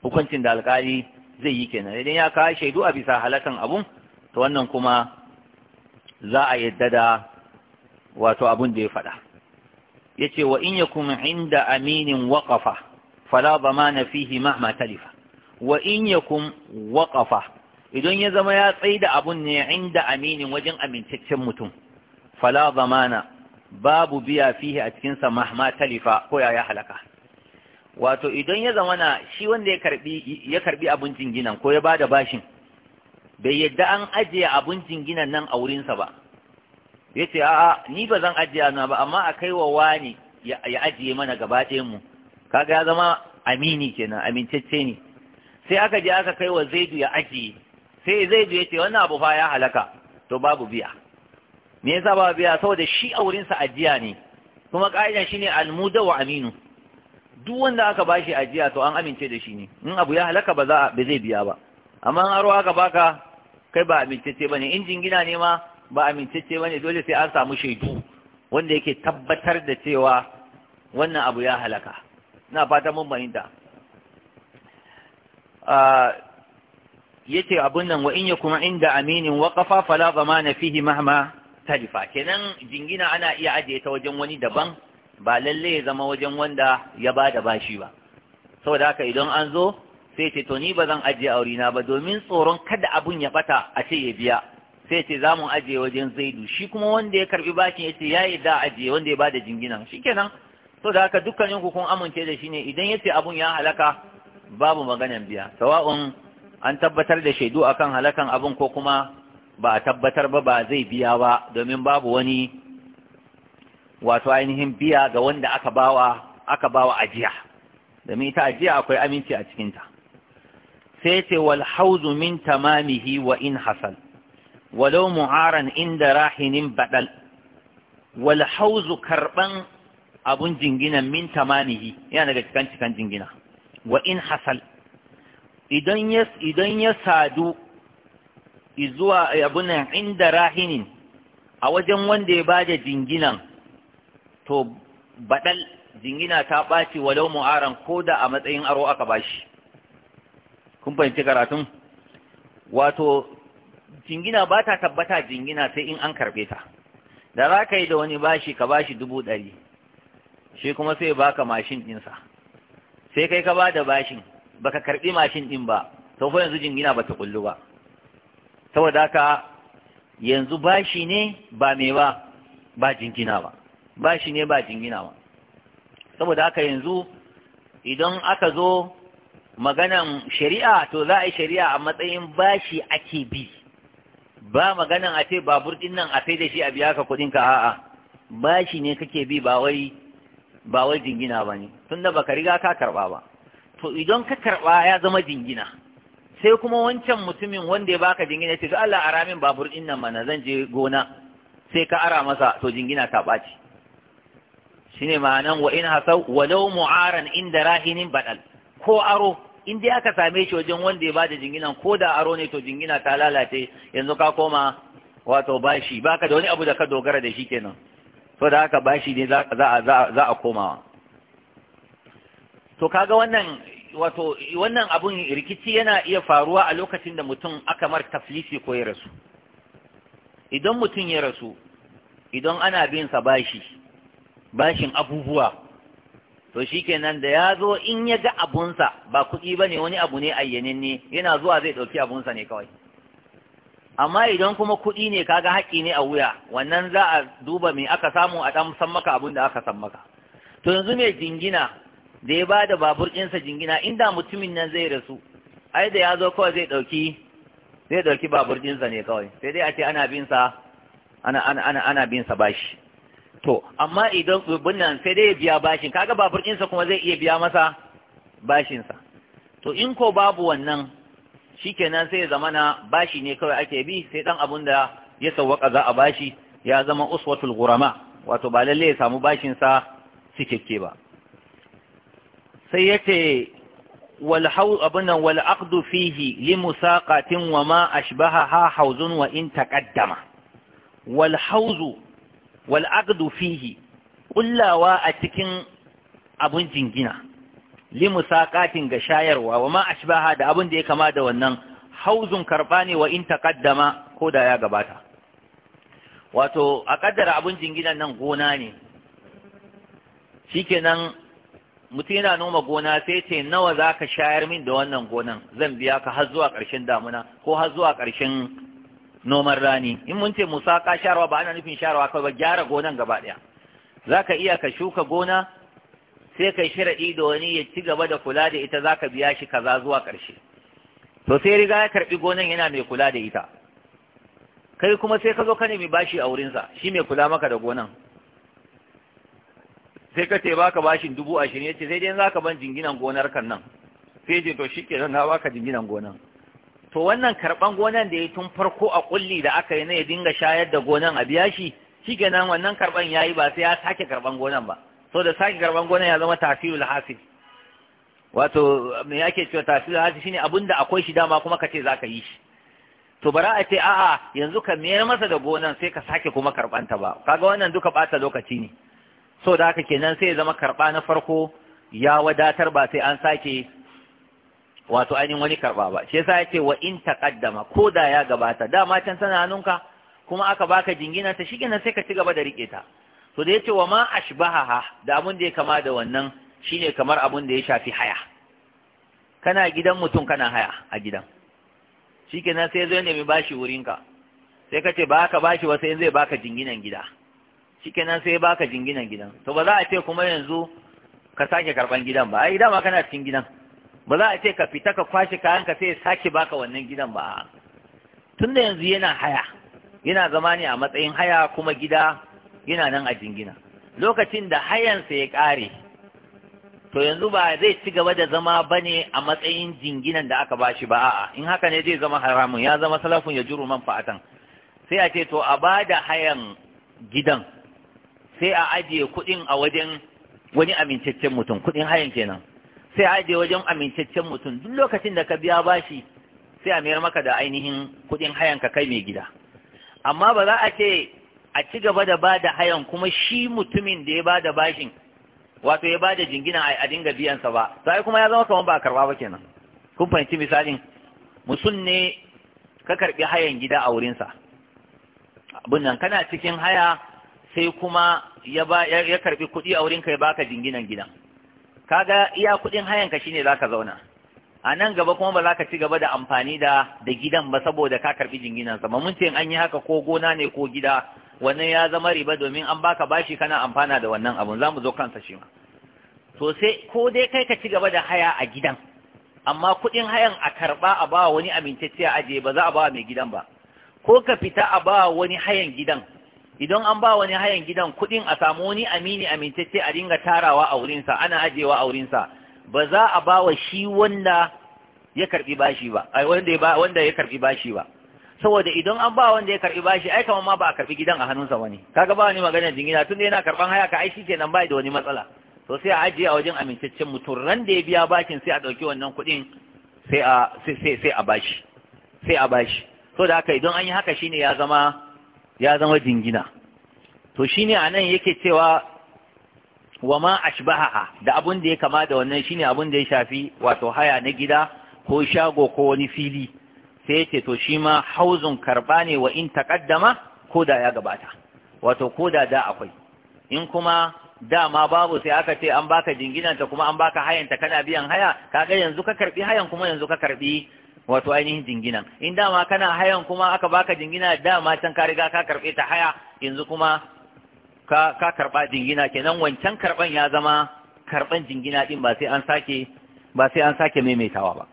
[SPEAKER 1] hukuncin da alƙali zai yi kenan idan ya kawo shaidu a bisa halakan abun to wannan kuma za a yadda da wato abun da ya faɗa ya ce wa in kuma inda aminin waƙafa fala ba ma na fihi mahma talifa wa in yakun waƙafa idan ya zama ya tsaye da abun ne inda aminin wajen amincaccen mutum fala zamana babu biya fihi a cikinsa mahma talifa ko ya ya halaka wato idan ya zama na shi wanda ya karbi ya karbi abun jinginan ko ya bada bashin bai yadda an ajiye abun jinginan nan a wurinsa ba yace a'a ni ba zan aje na ba amma a wa wani ya ajiye mana gaba ɗayan mu kaga ya zama amini kenan amintacce ne sai aka je aka kai wa zaidu ya ajiye sai zai je ce wannan abu fa ya halaka to babu biya me yasa babu biya saboda shi a wurin sa ajiya ne kuma ka'idan shine almuda wa aminu duk wanda aka bashi ajiya to an amince da shi ne in abu ya halaka ba za ba zai biya ba amma an aro ka baka kai ba amincece bane injin gina ne ma ba amincece bane dole sai an samu shaidu wanda yake tabbatar da cewa wannan abu ya halaka ina fata mun fahimta ah, yace abun nan wa in yakuma inda aminin waqafa fala zamana fihi mahma talifa kenan jingina ana iya ajiye ta wajen wani daban ba lalle ya zama wajen wanda ya bada bashi ba saboda haka idan an zo sai ce to ni ba zan ajiye aurina ba domin tsoron kada abun ya bata a ce ya biya sai ce za mu ajiye wajen zaidu shi kuma wanda ya karbi bashin ya ce ya yi da ajiye wanda ya bada jingina shikenan kenan da haka dukkan ku kun amince da shi ne idan yace abun ya halaka babu maganan biya sawa'un an tabbatar da shaidu akan halakan abin ko kuma ba a tabbatar ba ba zai biya ba domin babu wani wato ainihin biya ga wanda aka bawa aka bawa ajiya domin ita ajiya akwai aminci a cikinta sai ce wal hauzu min tamamihi wa in hasal walau mu'aran inda rahinin badal wal hauzu karban abun jinginan min tamamihi yana daga cikan cikan jingina wa in hasal idan ya sadu zuwa abuna nan inda rahinin a wajen wanda ya bada jinginan to badal jingina ta ɓaci walau mu'aran ko da a matsayin aro aka bashi kun fahimci karatun wato jingina ba ta tabbata jingina sai in an karɓe ta da za ka yi da wani bashi ka bashi dubu ɗari shi kuma sai baka mashin ɗinsa sai kai ka ba da bashin baka karbi mashin din ba to fa yanzu jingina bata kullu ba saboda haka yanzu bashi ne ba me ba ba jingina ba bashi ne ba jingina ba saboda haka yanzu idan aka zo maganan shari'a to za a yi shari'a a matsayin bashi ake bi ba maganan a ce babur din nan a sai da shi a biya ka kuɗin ka a'a bashi ne kake bi ba wai ba wai jingina ba ne tunda baka riga ka karɓa ba to idan ka karɓa ya zama jingina sai kuma wancan mutumin wanda ya baka jingina ce to Allah ramin babur din nan mana zan je gona sai ka ara masa to jingina ta ɓaci shine ma'anan wa in hasau walau mu'aran inda rahinin badal ko aro in dai aka same shi wajen wanda ya bada jinginan ko da aro ne to jingina ta lalace yanzu ka koma wato bashi baka da wani abu da ka dogara da shi kenan to da haka bashi ne za a komawa to kaga wannan wato wannan abun rikici yana iya faruwa a lokacin da mutum aka mar taflifi ko ya rasu idan mutum ya rasu idan ana bin sa bashi bashin abubuwa to shikenan da ya zo in ya ga abunsa ba kuɗi ba ne wani abu ne ayyanin ne yana zuwa zai ɗauki abunsa ne kawai amma idan kuma kuɗi ne kaga haƙƙi ne a wuya wannan za a duba me aka samu a ɗan san maka abin da aka san maka to yanzu mai jingina da ya ba da babur ɗinsa jingina inda mutumin nan zai rasu ai da ya zo kawai zai ɗauki zai ɗauki babur ɗinsa ne kawai sai dai a ce ana bin ana ana ana ana binsa bashi to amma idan tsubin nan sai dai ya biya bashin kaga babur ɗinsa kuma zai iya biya masa bashinsa to in ko babu wannan shi kenan sai ya zamana bashi ne kawai ake bi sai dan abun da ya sawwaka za a bashi ya zama uswatul gurama wato ba lallai ya samu bashin sa cikakke ba sai ya ce abinan wal'aƙdu fihi limusaƙatin wa ma a shibaha ha hauzun wa in taƙaddama walhauzu wal'aƙdu fihi ƙullawa a cikin abin jingina limusaƙatin ga shayarwa wa ma a shibaha da abin da ya kama da wannan hauzun karɓa ne wa in taƙaddama ko da ya gabata wato a ƙaddara abin jinginan nan gona ne shikenan mutum yana noma gona sai ce nawa za ka shayar min da wannan gonan zan biya ka har zuwa ƙarshen damuna ko har zuwa ƙarshen noman rani in mun ce ka sharwa ba ana nufin sharawa kawai ba gyara gonan gaba ɗaya za ka iya ka shuka gona sai ka shiraɗi da wani ya ci gaba da kula da ita za ka biya shi kaza zuwa ƙarshe to sai riga ya karɓi gonan yana mai kula da ita kai kuma sai ka zo ka nemi bashi a wurinsa shi mai kula maka da gonan sai ka ce baka bashin dubu ashirin ya ce sai dai za ka ban jinginan gonar kan nan sai ce to shi ke zan na baka jinginan gonan to wannan karɓan gonan da ya tun farko a kulli da aka yi na ya dinga shayar da gonan a biya shi shi kenan wannan karɓan ya yi ba sai ya sake karɓan gonan ba so da sake karɓan gonan ya zama tafirul hasil wato me ake cewa tafirul hasil shine abin da akwai shi dama kuma ka ce za ka yi shi to bara a ce a'a yanzu ka mayar masa da gonan sai ka sake kuma karɓanta ba kaga wannan duka ɓata lokaci ne so da haka kenan sai ya zama karɓa na farko ya wadatar ba sai an sake wato ainihin wani karɓa ba shi yasa yake wa in taqaddama ko da ya gabata dama can tana hannunka kuma aka baka jingina ta shigina sai ka ci gaba da rike ta so da yace wa ma ashbahaha da abun da ya kama da wannan shine kamar abun da ya shafi haya kana gidan mutum kana haya a gidan shikenan sai zo ne mai bashi wurinka sai kace ce ba ka bashi ba sai zai baka jinginan gida shikenan sai baka jinginan gidan to ba za a ce kuma yanzu ka sake karban gidan ba ai dama kana cikin gidan ba za a ce ka fita ka kwashe kayan ka sai sake baka wannan gidan ba Tun da yanzu yana haya yana zama ne a matsayin haya kuma gida yana nan a jingina lokacin da hayansa ya kare, to yanzu ba zai ci gaba da zama ba a matsayin jinginan da aka bashi ba a'a in haka ne zai zama haramun ya zama salafun ya juru man fa'atan sai a ce to a ba da hayan gidan sai a ajiye kuɗin a wajen wani amincaccen mutum kuɗin hayan kenan sai a ajiye wajen amincaccen mutum duk lokacin da ka biya bashi sai a mayar maka da ainihin kuɗin hayan ka kai mai gida amma ba za a ce a ci gaba da bada hayan kuma shi mutumin da ya bada bashin wato ya bada jingina a dinga biyan sa ba sai kuma ya zama kamar ba a karba ba kenan kun fahimci misalin musun ne ka karbi hayan gida a wurinsa abun nan kana cikin haya sai kuma ya ba ya karbi kuɗi a wurinka ya baka jinginan gidan kaga iya kuɗin hayanka shine zaka zauna a nan gaba kuma ba za ka ci gaba da amfani da da gidan ba saboda ka karbi jinginan sa mun ce an yi haka ko gona ne ko gida wannan ya zama riba domin an baka bashi kana amfana da wannan abun zamu zo kansa shi ma to sai ko dai kai ka ci gaba da haya a gidan amma kuɗin hayan a karba a ba wani a ajiye ba za a ba mai gidan ba ko ka fita a ba wani hayan gidan idan an ba wani hayan gidan kuɗin a samu wani amini amintacce a dinga tarawa a wurinsa ana ajewa a wurinsa ba za a ba wa shi wanda ya karɓi bashi ba ai wanda ya wanda ya karɓi bashi ba saboda idan an ba wanda ya karɓi bashi ai kamar ma ba a karɓi gidan a hannunsa wani kaga ba wani magana jingina tunda yana karɓan haya ka ai shikenan ba da wani matsala to sai a ajiye a wajen amintaccen mutum ran da ya biya bashin sai a ɗauki wannan kuɗin sai a sai a bashi sai a bashi Saboda haka idan an yi haka shine ya zama ya zama jingina to shine anan yake cewa wa ma ashbahaha da abun da ya kama da wannan shine abun da ya shafi wato haya na gida ko shago ko wani fili sai yace to shi ma hauzun karba ne wa in taqaddama ko da ya gabata wato ko da da akwai in kuma dama babu sai aka ce an baka jinginanta kuma an baka hayanta kana biyan haya kaga yanzu ka karbi hayan kuma yanzu ka karbi wato ainihin jinginan in dama kana hayan kuma aka baka jingina dama can ka riga ka karɓe ta haya yanzu kuma ka ka karɓa jingina kenan wancan karɓan ya zama karɓan jingina din ba sai an sake ba sai an sake maimaitawa ba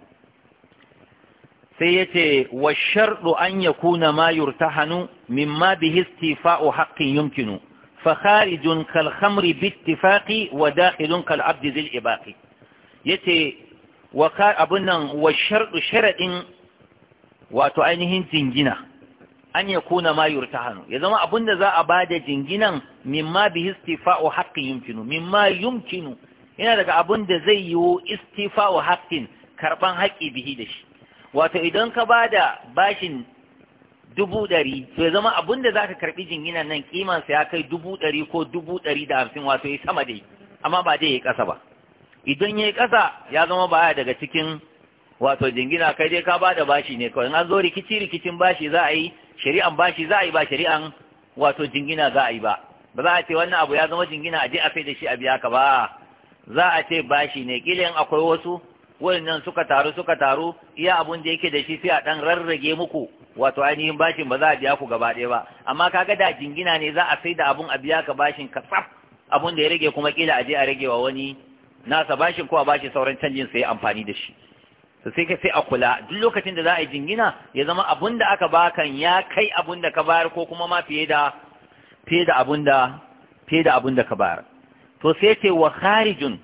[SPEAKER 1] sai ya ce wa shardu an ya kuna ma yurtahanu mimma bihi istifa'u haqqin yumkinu fa kharijun kal khamri bi ittifaqi wa dakhilun kal abdi zil ibaqi yace wa abun nan wa sharaɗin wato ainihin jingina an ya kuna ma hannu. ya zama abun da za a bada jinginan mimma bi istifa'u haqqi yumkinu mimma yumkinu yana daga abun da zai yiwu istifa'u haqqin karban haƙƙi bihi da shi wato idan ka ba da bashin dubu ɗari to ya zama abun da za ka karɓi jinginan nan kimansa ya kai dubu ɗari ko dubu ɗari da hamsin wato ya sama dai amma ba dai ya ƙasa ba idan yayi ƙasa, ya zama baya daga cikin wato jingina kai dai ka bada bashi ne kawai an zo rikici rikicin bashi za a yi shari'an bashi za a yi ba shari'an wato jingina za a yi ba ba za a ce wannan abu ya zama jingina a je a da shi a biya ka ba za a ce bashi ne kila akwai wasu wayannan suka taru suka taru iya abun da yake da shi sai a dan rarrage muku wato ainihin bashin ba za a biya ku gaba ɗaya ba amma kaga da jingina ne za a sai da abun a biya ka bashin ka tsaf abun da ya rage kuma kila a je a rage wa wani nasa bashin ko a bashi sauran canjin sai amfani da shi to sai sai a kula duk lokacin da za a yi jingina ya zama abun da aka baka ya kai abun da ka bayar ko kuma ma fiye da fiye da abun da fiye da abun ka bayar to sai ce wa kharijun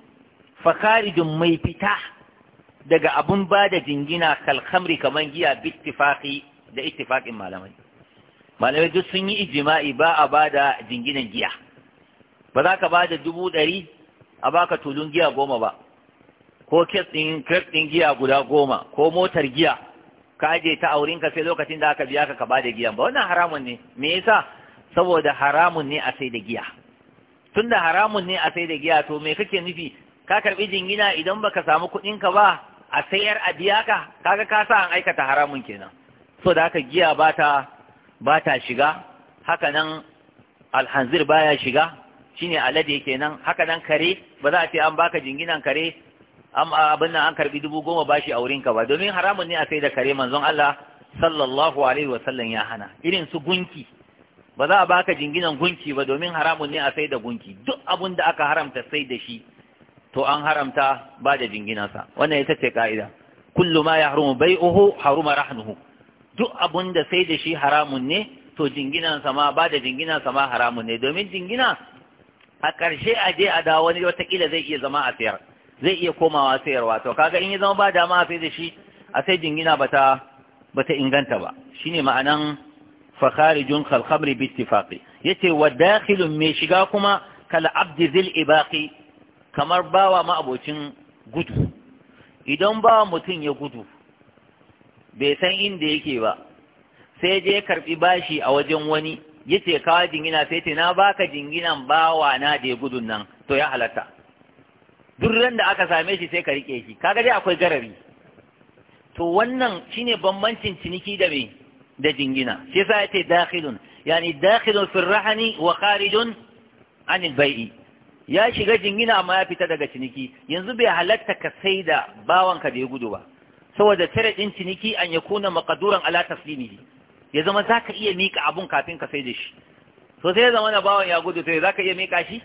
[SPEAKER 1] fa kharijun mai fita daga abun ba da jingina kal khamri kaman giya bi ittifaqi da ittifaqin malamai malamai duk sun yi ijima'i ba a ba da jinginan giya ba za ka ba da dubu ɗari a baka tulun giya goma ba ko kes ɗin kes ɗin giya guda goma ko motar giya ka je ta aurin ka sai lokacin da aka biya ka ka bada giya. ba wannan haramun ne me yasa saboda haramun ne a sai da giya tunda haramun ne a sai da giya to me kake nufi ka karbi jingina idan baka samu kuɗin ka ba a sayar a biya ka kaga ka sa an aikata haramun kenan so da haka giya bata ta shiga haka nan alhanzir baya shiga shine alade kenan haka nan kare ba za a ce an baka jinginan kare am abin nan an karbi dubu goma bashi a wurinka ba domin haramun ne a sai da kare manzon Allah sallallahu alaihi wa sallam ya hana irin su gunki ba za a baka jinginan gunki ba domin haramun ne a sai da gunki duk abun da aka haramta sai da shi to an haramta ba da jinginansa wannan ita ce ka'ida kullu ma yahrumu bai'uhu haruma rahnuhu duk abun da sai da shi haramun ne to jinginan ma ba da jinginan ma haramun ne domin jingina a ƙarshe a je a dawo wani watakila zai iya zama a sayar zai iya komawa sayarwa to kaga in ya zama ba dama a sai da shi a sai jingina bata bata inganta ba shine ma'anan fa kharijun kal bi ittifaqi yace wa dakhilun mai shiga kuma kal abdizil zil ibaqi kamar bawa ma abocin gudu idan ba mutum ya gudu bai san inda yake ba sai je karbi bashi a wajen wani Ya yace ka jingina sai ce na baka jinginan bawa na da ya gudun nan to ya halatta duk ran da aka same shi sai ka rike shi kaga dai akwai garari to wannan shine bambancin ciniki da me da jingina shi yasa yace dakhilun yani dakhilun fil rahani wa kharijun anil bai'i ya shiga jingina amma ya fita daga ciniki yanzu bai halatta ka sai da bawanka da ya gudu ba saboda tare din ciniki an yakuna maqduran ala taslimihi ya zama za ka iya miƙa abun kafin ka sai da shi so sai ya zama na bawan ya gudu sai za ka iya miƙa shi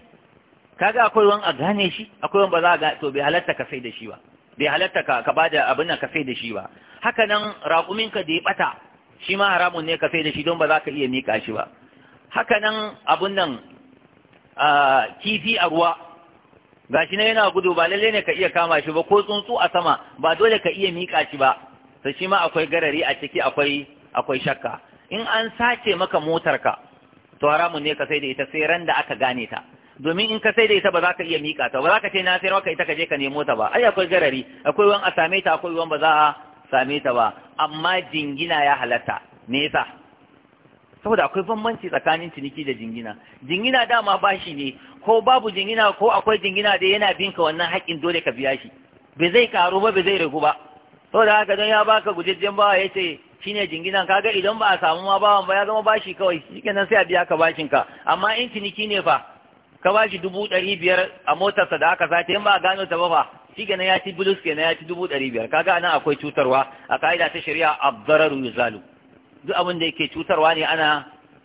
[SPEAKER 1] kaga akwai wani a gane shi akwai wani ba za a gane to bai halatta ka sai da shi ba bai halatta ka ka bada abin nan ka sai da shi ba haka nan ka da ya ɓata shi ma haramun ne ka sai da shi don ba za ka iya miƙa shi ba haka nan abin nan kifi a ruwa ga shi na yana gudu ba lallai ne ka iya kama shi ba ko tsuntsu a sama ba dole ka iya miƙa shi ba sai shi ma akwai garari a ciki akwai akwai shakka in an sace maka motarka to haramun ne ka sai da ita sai ran da aka gane ta domin in ka sai da ita ba za ka iya mika ta ba za ka ce na sayar ka ita ka je ka nemo ta ba ai akwai garari akwai wani a same ta akwai wani ba za a same ta ba amma jingina ya halatta me yasa saboda akwai bambanci tsakanin ciniki da jingina jingina dama bashi ne ko babu jingina ko akwai jingina da yana bin ka wannan haƙƙin dole ka biya shi bai zai karu ba bai zai ragu ba saboda haka don ya baka gujejjen bawa ya ce Shi ne jinginan kaga idan ba a samu ma bawan ba ya zama bashi kawai nan sai a biya ka bashin ka amma in ciniki ne fa ka bashi dubu ɗari biyar a motarsa da aka sace in ba a gano ta ba fa nan ya ci bulus kenan ya ci dubu ɗari biyar kaga nan akwai cutarwa a ka'ida ta shari'a abdararu yuzalu duk abin da yake cutarwa ne ana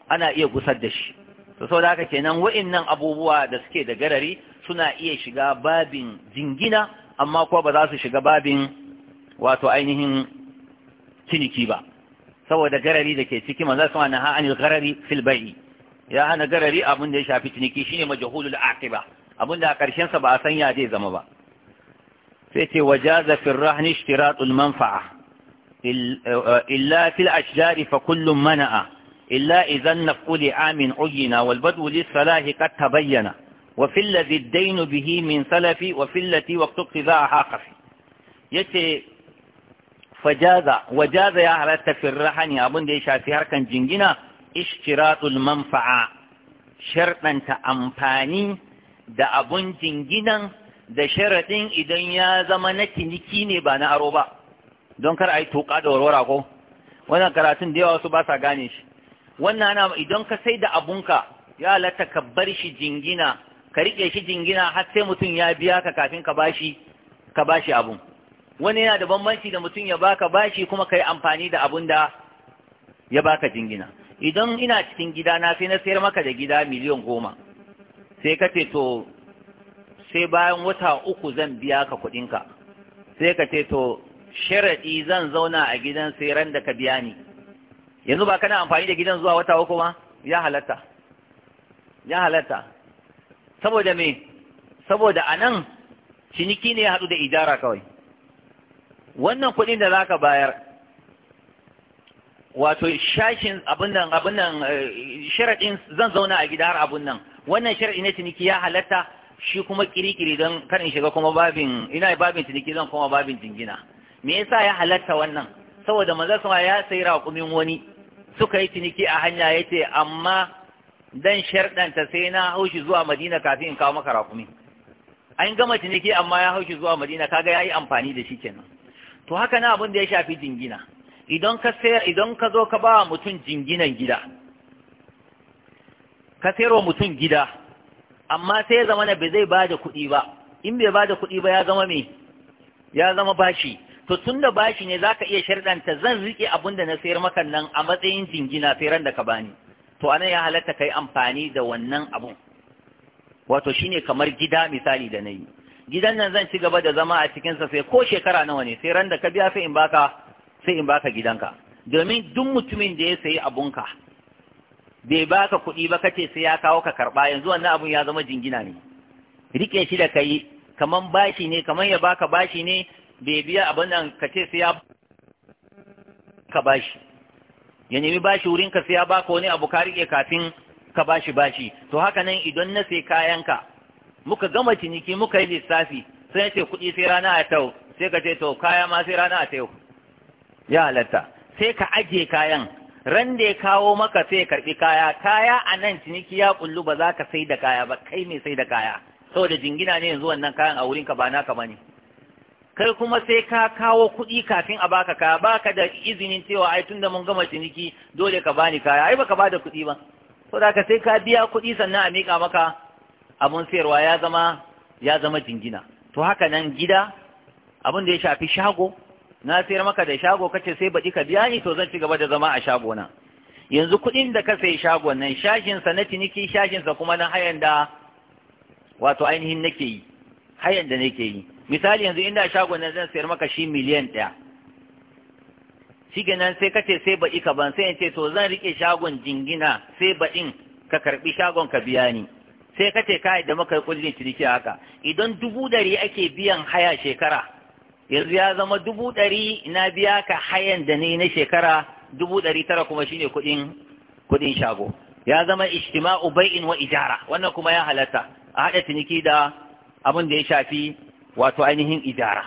[SPEAKER 1] ana iya gusar da shi to saboda haka kenan wa'innan abubuwa da suke da garari suna iya shiga babin jingina amma kuwa ba za su shiga babin wato ainihin ciniki ba saboda garari da ke ciki manzo sama na ha'anil garari fil bai'i ya hana garari abin da ya shafi ciniki shine majhulul aqiba abin da a karshen sa ba a san ya zai zama ba sai ce wajaza fi rahni ishtiratul manfa'a illa fil ashjari fa kullun mana'a illa idan nafqu amin ugina wal badu lis salahi qad tabayyana wa fil ladhi ad-dayn bihi min salafi wa fil lati waqtu qidaha haqafi yace fajaza wajaza ya halatta firrahani abin da ya shafi harkan jingina ishtiratul manfa'a sharɗanta amfani da abun jinginan da sharadin idan ya zama na ciniki ne ba na aro ba don kar a yi toka da warwara ko wannan karatun da yawa su ba sa gane shi wannan ana idan ka sai da abunka ya halatta ka bar shi jingina ka rike shi jingina har sai mutum ya biya ka kafin ka bashi ka bashi abun wani yana da bambanci da mutum ya baka bashi kuma kai amfani da abun da ya baka jingina idan ina cikin gida na sai na sayar maka da gida miliyan goma sai ka ce to sai bayan wata uku zan biya ka kuɗinka sai ka ce to sharaɗi zan zauna a gidan sai ran da ka biya ni yanzu ba kana amfani da gidan zuwa wata uku ma ya halatta ya halatta saboda me saboda anan ciniki ne ya haɗu da ijara kawai wannan kuɗin da zaka bayar wato shashin abun nan abun nan eh, sharadin zan zauna a gida har abin nan wannan sharadi ne ciniki ya halatta shi kuma kirikiri don karin shiga kuma babin ina babin ciniki zan kuma babin jingina me yasa ya halatta wannan saboda manzon sama ya sayi raƙumin wani suka yi ciniki a hanya yace amma dan sharɗanta sai na haushi zuwa madina kafin in kawo maka rakumi an gama ciniki amma ya haushi zuwa madina kaga ya yi amfani da shi kenan to haka na abin da ya shafi jingina idan ka sayar idan ka zo ka ba mutum jinginan gida ka sayarwa mutum gida amma sai ya zama na bai zai ba da kuɗi ba in bai ba da kuɗi ba ya zama me ya zama bashi to tun da bashi ne za ka iya sharɗanta zan riƙe abin da na sayar maka nan a matsayin jingina sai da ka bani to anan ya halatta ka amfani da wannan abun wato shine kamar gida misali da na yi gidan nan zan ci gaba da zama a cikinsa sai ko shekara nawa ne sai ran da ka biya sai in baka sai in baka gidanka domin duk mutumin da ya sayi abunka bai baka kuɗi ba kace sai ya kawo ka karɓa yanzu wannan abun ya zama jingina ne rike shi da kai kaman bashi ne kaman ya baka bashi ne bai biya abin nan kace sai ya ka bashi ya nemi bashi wurin ka sai ya baka wani abu ka rike kafin ka bashi bashi to haka nan idan na sai kayanka muka gama ciniki muka yi lissafi sai ya ce kuɗi sai rana a tau sai ka ce to kaya ma sai rana a tau ya halatta sai ka aje kayan ran da ya kawo maka sai ya karɓi kaya kaya a nan ciniki ya kullu ba za ka sai da kaya ba kai mai sai da kaya saboda jingina ne yanzu wannan kayan a wurinka ba naka ba ne kai kuma sai ka kawo kuɗi kafin a baka kaya baka da izinin cewa ai tunda mun gama ciniki dole ka bani kaya ai baka bada kuɗi ba saboda ka sai ka biya kuɗi sannan a miƙa maka abun sayarwa ya zama ya zama jingina to haka nan gida abin da ya shafi shago na sayar maka da shago kace sai baɗi ka biya ni to zan ci gaba da zama a shago nan yanzu kuɗin da ka sayi shagon nan sa na ciniki sa kuma na hayan da wato ainihin nake yi hayan da nake yi misali yanzu inda shagon nan zan sayar maka shi miliyan ɗaya shi nan sai kace sai baɗi ka ban sai in ce to zan riƙe shagon jingina sai baɗin ka karɓi shagon ka biya ni sai ka ce ka muka makai kullin ciniki haka idan dubu dari ake biyan haya shekara yanzu ya zama dubu dari na biya ka hayan da ne na shekara dubu dari tara kuma shine kuɗin kuɗin shago ya zama ijtima'u bai'in wa ijara wannan kuma ya halatta a haɗa ciniki da abin da ya shafi wato ainihin ijara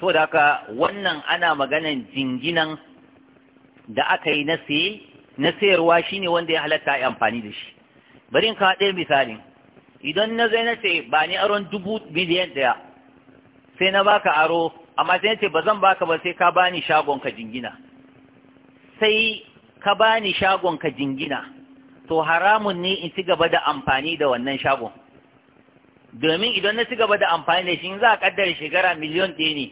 [SPEAKER 1] saboda haka wannan ana maganan jinginan da aka yi na sayarwa shine wanda ya halatta a amfani da shi bari in ka ɗaya misalin idan na zai na ce ba ni aron dubu miliyan ɗaya sai na baka aro amma sai na ce ba zan baka ba sai ka bani shagon ka jingina sai ka bani shagon ka jingina to haramun ne in ci gaba da amfani da wannan shagon domin idan na ci gaba da amfani da shi za a kaddara shekara miliyon ɗaya ne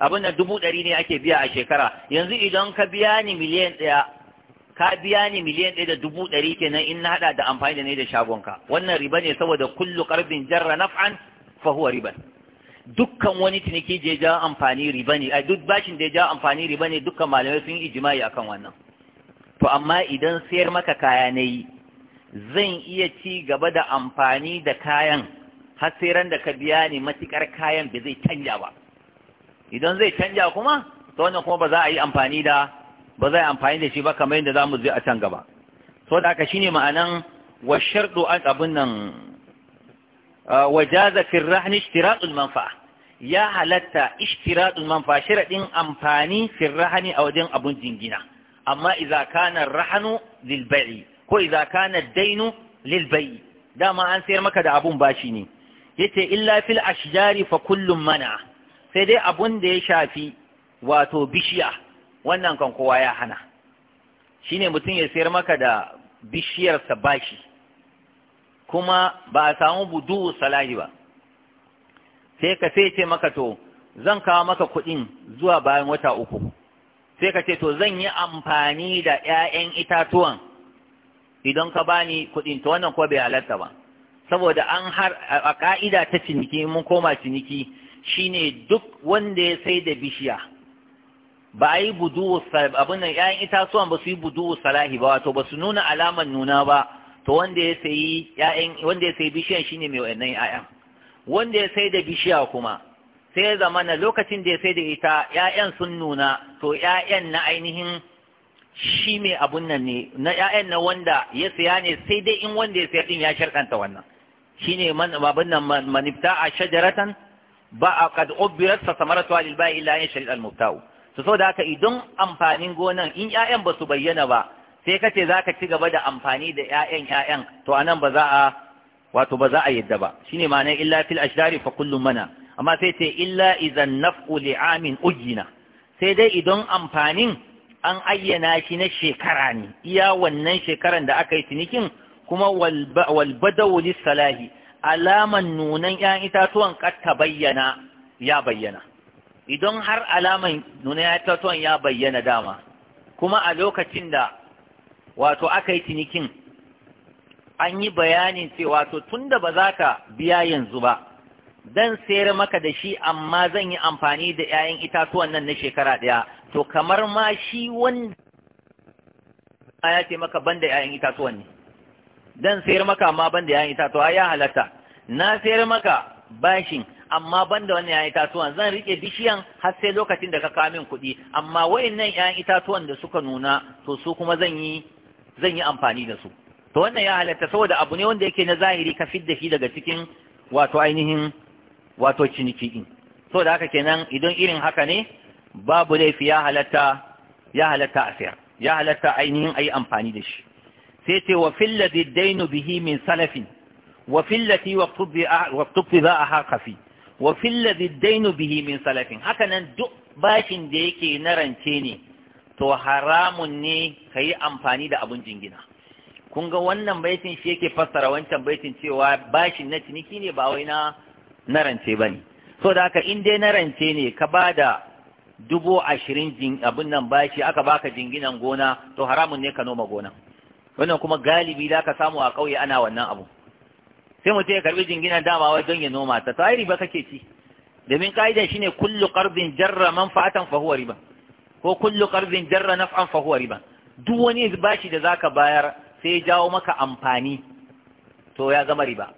[SPEAKER 1] abin da dubu ɗari ne ake biya a shekara yanzu idan ka biya ni miliyan ɗaya ka biya ni miliyan ɗaya da dubu ɗari kenan in na haɗa da amfani da ne da shagon ka. wannan riba ne saboda kullu ƙarfin jarra naf'an fa huwa riba dukkan wani ciniki je ja amfani riba ne a duk bashin da ya ja amfani riba ne dukkan malamai sun yi ijimai akan wannan to amma idan sayar maka kaya na yi zan iya ci gaba da amfani da kayan har sai ran da ka biya ni matuƙar kayan ba zai canja ba idan zai canja kuma to wannan kuma ba za a yi amfani da ba zai amfani da shi ba kamar yadda zamu je a can gaba so da haka shine ma'anan wa shardu an abun nan wa jaza fi rahni manfa'a ya halatta ishtiratul manfa'a sharadin amfani fi rahni a wajen abun jingina amma idza kana rahnu lil ko idza kana dainu lil dama an sayar maka da abun bashi ne yace illa fil ashjari fa kullum mana sai dai abun da ya shafi wato bishiya wannan kan kowa ya hana shi ne mutum ya sayar maka da bishiyarsa bashi kuma ba a samu budu salahi ba sai ka sai ce maka to zan kawo maka kuɗin zuwa bayan wata uku sai ka ce to zan yi amfani da 'ya'yan itatuwan idan ka bani kuɗin to wannan kuwa bai halarta ba saboda an har a ka'ida ta ciniki mun koma ciniki shine duk wanda ya sai da bishiya ba a yi buduwu abin nan ƴaƴan itatuwan ba su yi buduwu salahi ba wato ba su nuna alaman nuna ba to wanda ya sayi ƴaƴan wanda ya sayi bishiyan shine mai wannan ƴaƴan wanda ya sai da bishiya kuma sai ya zamana lokacin da ya sai da ita ƴaƴan sun nuna to ya'yan na ainihin shi mai abun nan ne na ya'yan na wanda ya saya ne sai dai in wanda ya saya din ya sharkanta wannan Shi man abun nan manifta a shajaratan ba a kad ubirat fa samaratu lil ba'i illa an yashri al so da aka idan amfanin gonan in ƴaƴan ba su bayyana ba sai kace zaka ci gaba da amfani da ƴaƴan ƴaƴan to anan ba za a wato ba za a yadda ba ne ma'ana illa fil ashdari fa kullu mana amma sai ce illa idan naf'u li'amin ujina sai dai idan amfanin an ayyana shi na shekara ne iya wannan shekaran da aka yi cinikin kuma wal badawu salahi alaman nunan 'ya'yan itatuwan kat bayyana ya bayyana idan har alaman nuna ya tatuwan ya bayyana dama kuma a lokacin da wato aka yi cinikin an yi bayanin ce wato tunda ba za ka biya yanzu ba zan sayar maka da shi amma zan yi amfani da 'ya'yan itatuwan nan na shekara ɗaya to kamar ma shi wanda ya ce maka banda 'ya'yan itatuwan ne zan sayar maka amma banda 'ya'yan itatuwa ya halatta na sayar maka bashin amma banda wannan ‘ya'yan itatuwan zan riƙe bishiyan har sai lokacin da ka kawo min kuɗi amma wayannan ‘ya'yan itatuwan da suka nuna to su kuma zan yi zan yi amfani da su to wannan ya halatta saboda abu ne wanda yake na zahiri ka da shi daga cikin wato ainihin wato ciniki din saboda haka kenan idan irin haka ne babu laifi ya halatta ya halatta a sayar ya halatta ainihin ayi amfani da shi sai ce wa fillati dainu bihi min salafin wa fillati waqtubi waqtubi za a haka fi wa fillazi dainu bihi min salafin haka nan duk bashin da yake na rance ne to haramun ne ka yi amfani da abun jingina kun ga wannan baitin shi yake fassara wancan baitin cewa bashin na ciniki ne ba wai na na rance ba ne so da haka in dai na rance ne ka ba da dubu ashirin abin nan bashi aka baka jinginan gona to haramun ne ka noma gona wannan kuma galibi za ka samu a ƙauye ana wannan abu sai mutum ya karbi jingina dama wai don ya noma ta to yi riba kake ci domin shi shine kullu karbin jarra manfa'atan fatan huwa riba ko kullu karbin jarra na fa fahuwa riba duk wani bashi da zaka bayar sai ya jawo maka amfani to ya zama riba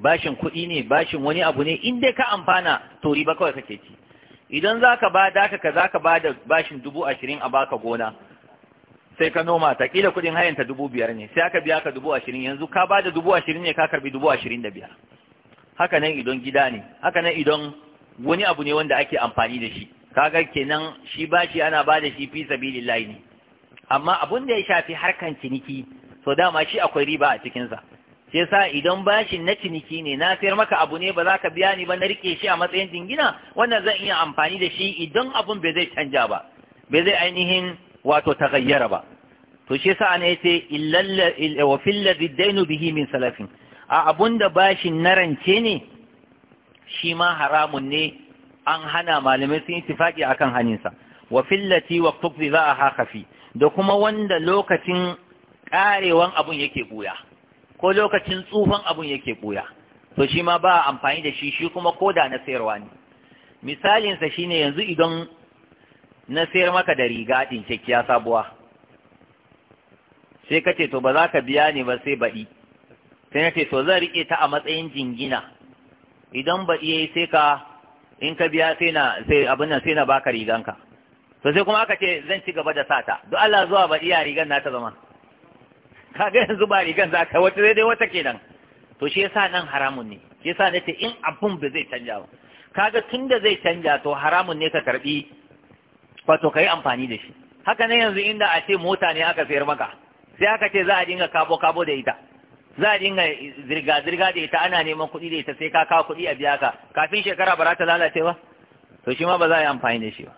[SPEAKER 1] bashin kuɗi ne bashin wani abu ne in dai ka amfana to riba kawai kake ci idan zaka ba da ka zaka ba da bashin dubu ashirin a baka gona sai ka noma ta kila kudin hayan ta dubu biyar ne sai aka biya ka dubu ashirin yanzu ka ba da dubu ashirin ne ka karbi dubu ashirin da biyar haka nan idon gida ne haka nan idon wani abu ne wanda ake amfani da shi kaga kenan shi bashi ana ba da shi fi sabilillahi ne amma abun da ya shafi harkan ciniki so dama shi akwai riba a cikinsa sai sa idan bashin na ciniki ne na sayar maka abu ne ba za ka biya ni ba na rike shi a matsayin dingina wannan zan iya amfani da shi idan abun bai zai canja ba bai zai ainihin wato ta gayyara ba to shi yasa ana yace illal wa fil ladhi dainu bihi min salafin a abunda bashin narance ne shi ma haramun ne an hana malamai sun ittifaqi akan haninsa wa fillati wa tuqdi za'aha khafi kafi da kuma wanda lokacin karewan abun yake buya ko lokacin tsufan abun yake buya to shi ma ba amfani da shi shi kuma koda na sayarwa ne misalinsa shine yanzu idan na sayar maka da riga ɗin cikkiya sabuwa sai ka ce to ba za ka biya ni ba sai baɗi sai na ce to zan riƙe ta a matsayin jingina idan baɗi ya yi sai ka in ka biya sai na sai abin nan sai na baka riganka to sai kuma aka ce zan ci gaba da sata duk Allah zuwa baɗi ya rigan na ta zama ka ga yanzu ba rigan za ka wata dai wata kenan to shi yasa nan haramun ne shi yasa nace in abun ba zai canja ba kaga tunda zai canja to haramun ne ka karbi wato ka yi amfani da shi haka ne yanzu inda a ce mota ne aka sayar maka sai aka ce za a dinga kabo-kabo da ita za a dinga zirga-zirga da ita ana neman kuɗi da ita sai ka kawo kuɗi a biya ka kafin shekara ba za ta lalace ba to shi ma ba za a yi amfani da shi ba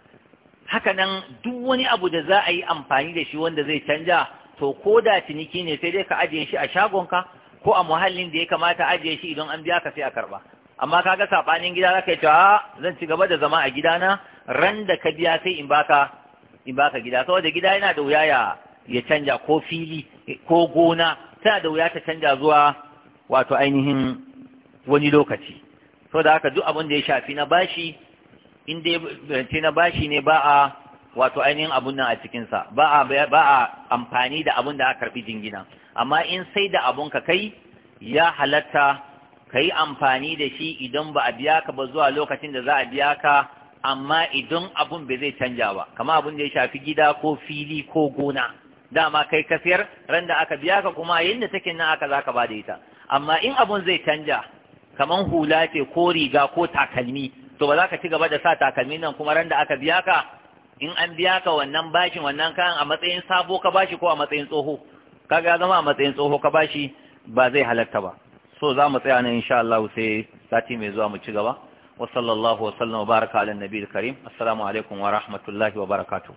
[SPEAKER 1] haka nan duk wani abu da za a yi amfani da shi wanda zai canja to ko da ciniki ne sai dai ka ajiye shi a shagonka ko a muhallin da ya kamata ajiye shi idan an biya ka sai a karba amma kaga sabanin gida zaka ce a ah, zan ci gaba da zama a gidana ran da ka biya sai in baka in baka gida saboda gida yana da wuya ya canja ko fili ko gona tana da wuya ta canja zuwa wato ainihin wani lokaci saboda haka duk abin da ya shafi na bashi in dai ce na bashi ne ba a wato ainihin abun nan a cikinsa ba a ba a amfani da abun da aka karbi jingina amma in sai da abun ka kai ya halatta ka yi amfani da shi idan ba a biya ka ba zuwa lokacin da za a biya ka amma idan abun bai zai canja ba kama abun da ya shafi gida ko fili ko gona dama kai ka siyar ran da aka biya ka kuma yadda take nan aka zaka ba da ita amma in abun zai canja kaman hula ce ko riga ko takalmi to ba za ka ci gaba da sa takalmi nan kuma ran da aka biya ka in an biya ka wannan bashin wannan kayan a matsayin sabo ka bashi ko a matsayin tsoho kaga zama a matsayin tsoho ka bashi ba zai halatta ba so za mu tsaya nan insha Allah sai sati mai zuwa mu ci gaba wa sallallahu wa sallama baraka ala nabiyil karim assalamu alaikum wa rahmatullahi wa barakatuh